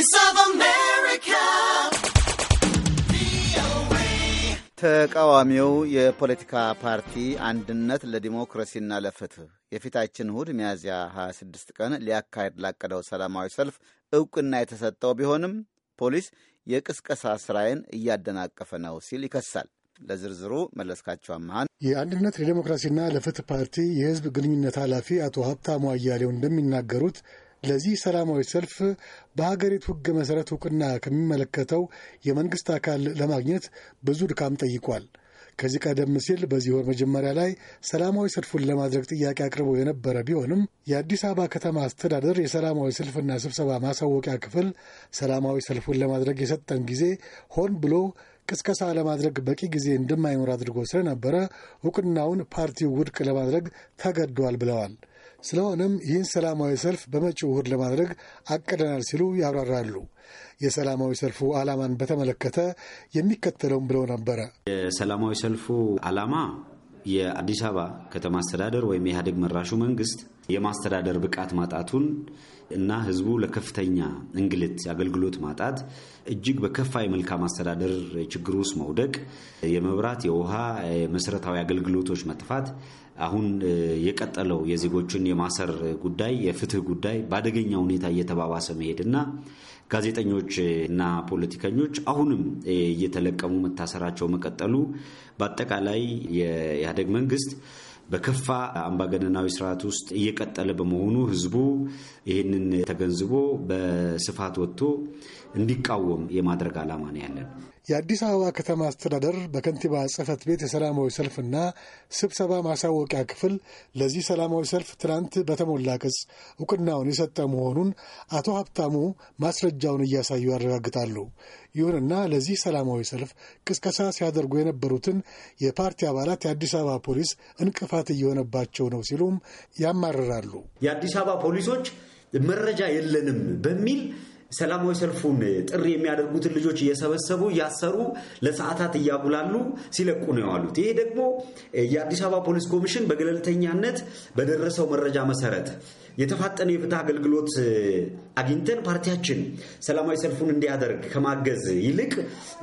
Voice ተቃዋሚው የፖለቲካ ፓርቲ አንድነት ለዲሞክራሲና ለፍትህ የፊታችን እሁድ ሚያዝያ 26 ቀን ሊያካሄድ ላቀደው ሰላማዊ ሰልፍ እውቅና የተሰጠው ቢሆንም ፖሊስ የቅስቀሳ ስራዬን እያደናቀፈ ነው ሲል ይከሳል። ለዝርዝሩ መለስካቸው አመሃን የአንድነት ለዲሞክራሲና ለፍትህ ፓርቲ የህዝብ ግንኙነት ኃላፊ አቶ ሀብታሙ አያሌው እንደሚናገሩት ለዚህ ሰላማዊ ሰልፍ በሀገሪቱ ሕግ መሠረት እውቅና ከሚመለከተው የመንግሥት አካል ለማግኘት ብዙ ድካም ጠይቋል። ከዚህ ቀደም ሲል በዚህ ወር መጀመሪያ ላይ ሰላማዊ ሰልፉን ለማድረግ ጥያቄ አቅርቦ የነበረ ቢሆንም የአዲስ አበባ ከተማ አስተዳደር የሰላማዊ ሰልፍና ስብሰባ ማሳወቂያ ክፍል ሰላማዊ ሰልፉን ለማድረግ የሰጠን ጊዜ ሆን ብሎ ቅስቀሳ ለማድረግ በቂ ጊዜ እንደማይኖር አድርጎ ስለነበረ እውቅናውን ፓርቲው ውድቅ ለማድረግ ተገዷል ብለዋል። ስለሆነም ይህን ሰላማዊ ሰልፍ በመጪው እሁድ ለማድረግ አቅደናል ሲሉ ያብራራሉ። የሰላማዊ ሰልፉ ዓላማን በተመለከተ የሚከተለውም ብለው ነበረ። የሰላማዊ ሰልፉ ዓላማ የአዲስ አበባ ከተማ አስተዳደር ወይም የኢህአዴግ መራሹ መንግስት የማስተዳደር ብቃት ማጣቱን እና ህዝቡ ለከፍተኛ እንግልት፣ የአገልግሎት ማጣት፣ እጅግ በከፋ የመልካም አስተዳደር ችግር ውስጥ መውደቅ፣ የመብራት፣ የውሃ፣ መሰረታዊ አገልግሎቶች መጥፋት፣ አሁን የቀጠለው የዜጎችን የማሰር ጉዳይ፣ የፍትህ ጉዳይ በአደገኛ ሁኔታ እየተባባሰ መሄድና ጋዜጠኞች እና ፖለቲከኞች አሁንም እየተለቀሙ መታሰራቸው መቀጠሉ በአጠቃላይ የኢህአዴግ የኢህአዴግ መንግስት በከፋ አምባገነናዊ ስርዓት ውስጥ እየቀጠለ በመሆኑ ህዝቡ ይህንን ተገንዝቦ በስፋት ወጥቶ እንዲቃወም የማድረግ ዓላማ ነው ያለን። የአዲስ አበባ ከተማ አስተዳደር በከንቲባ ጽህፈት ቤት የሰላማዊ ሰልፍና ስብሰባ ማሳወቂያ ክፍል ለዚህ ሰላማዊ ሰልፍ ትናንት በተሞላ ቅጽ እውቅናውን የሰጠ መሆኑን አቶ ሀብታሙ ማስረጃውን እያሳዩ ያረጋግጣሉ። ይሁንና ለዚህ ሰላማዊ ሰልፍ ቅስቀሳ ሲያደርጉ የነበሩትን የፓርቲ አባላት የአዲስ አበባ ፖሊስ እንቅፋት እየሆነባቸው ነው ሲሉም ያማርራሉ። የአዲስ አበባ ፖሊሶች መረጃ የለንም በሚል ሰላማዊ ሰልፉን ጥሪ የሚያደርጉትን ልጆች እየሰበሰቡ እያሰሩ ለሰዓታት እያጉላሉ ሲለቁ ነው የዋሉት። ይሄ ደግሞ የአዲስ አበባ ፖሊስ ኮሚሽን በገለልተኛነት በደረሰው መረጃ መሰረት የተፋጠነ የፍትህ አገልግሎት አግኝተን ፓርቲያችን ሰላማዊ ሰልፉን እንዲያደርግ ከማገዝ ይልቅ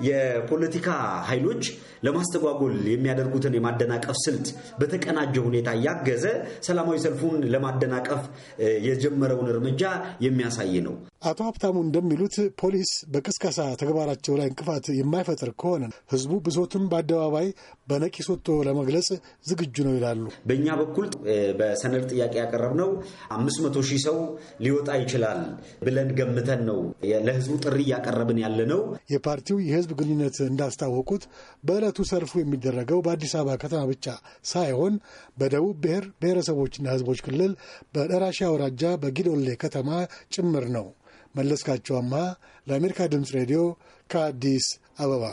የፖለቲካ ኃይሎች ለማስተጓጎል የሚያደርጉትን የማደናቀፍ ስልት በተቀናጀ ሁኔታ እያገዘ ሰላማዊ ሰልፉን ለማደናቀፍ የጀመረውን እርምጃ የሚያሳይ ነው። አቶ ሀብታሙ ተቋሙ እንደሚሉት ፖሊስ በቅስቀሳ ተግባራቸው ላይ እንቅፋት የማይፈጥር ከሆነ ህዝቡ ብሶቱን በአደባባይ በነቂስ ወጥቶ ለመግለጽ ዝግጁ ነው ይላሉ። በእኛ በኩል በሰነድ ጥያቄ ያቀረብነው አምስት መቶ ሺህ ሰው ሊወጣ ይችላል ብለን ገምተን ነው ለህዝቡ ጥሪ እያቀረብን ያለ ነው። የፓርቲው የህዝብ ግንኙነት እንዳስታወቁት በዕለቱ ሰልፉ የሚደረገው በአዲስ አበባ ከተማ ብቻ ሳይሆን በደቡብ ብሔር ብሔረሰቦችና ህዝቦች ክልል በደራሼ አውራጃ በጊዶሌ ከተማ ጭምር ነው። መለስካቸው ለአሜሪካ ድምፅ ሬዲዮ ከአዲስ አበባ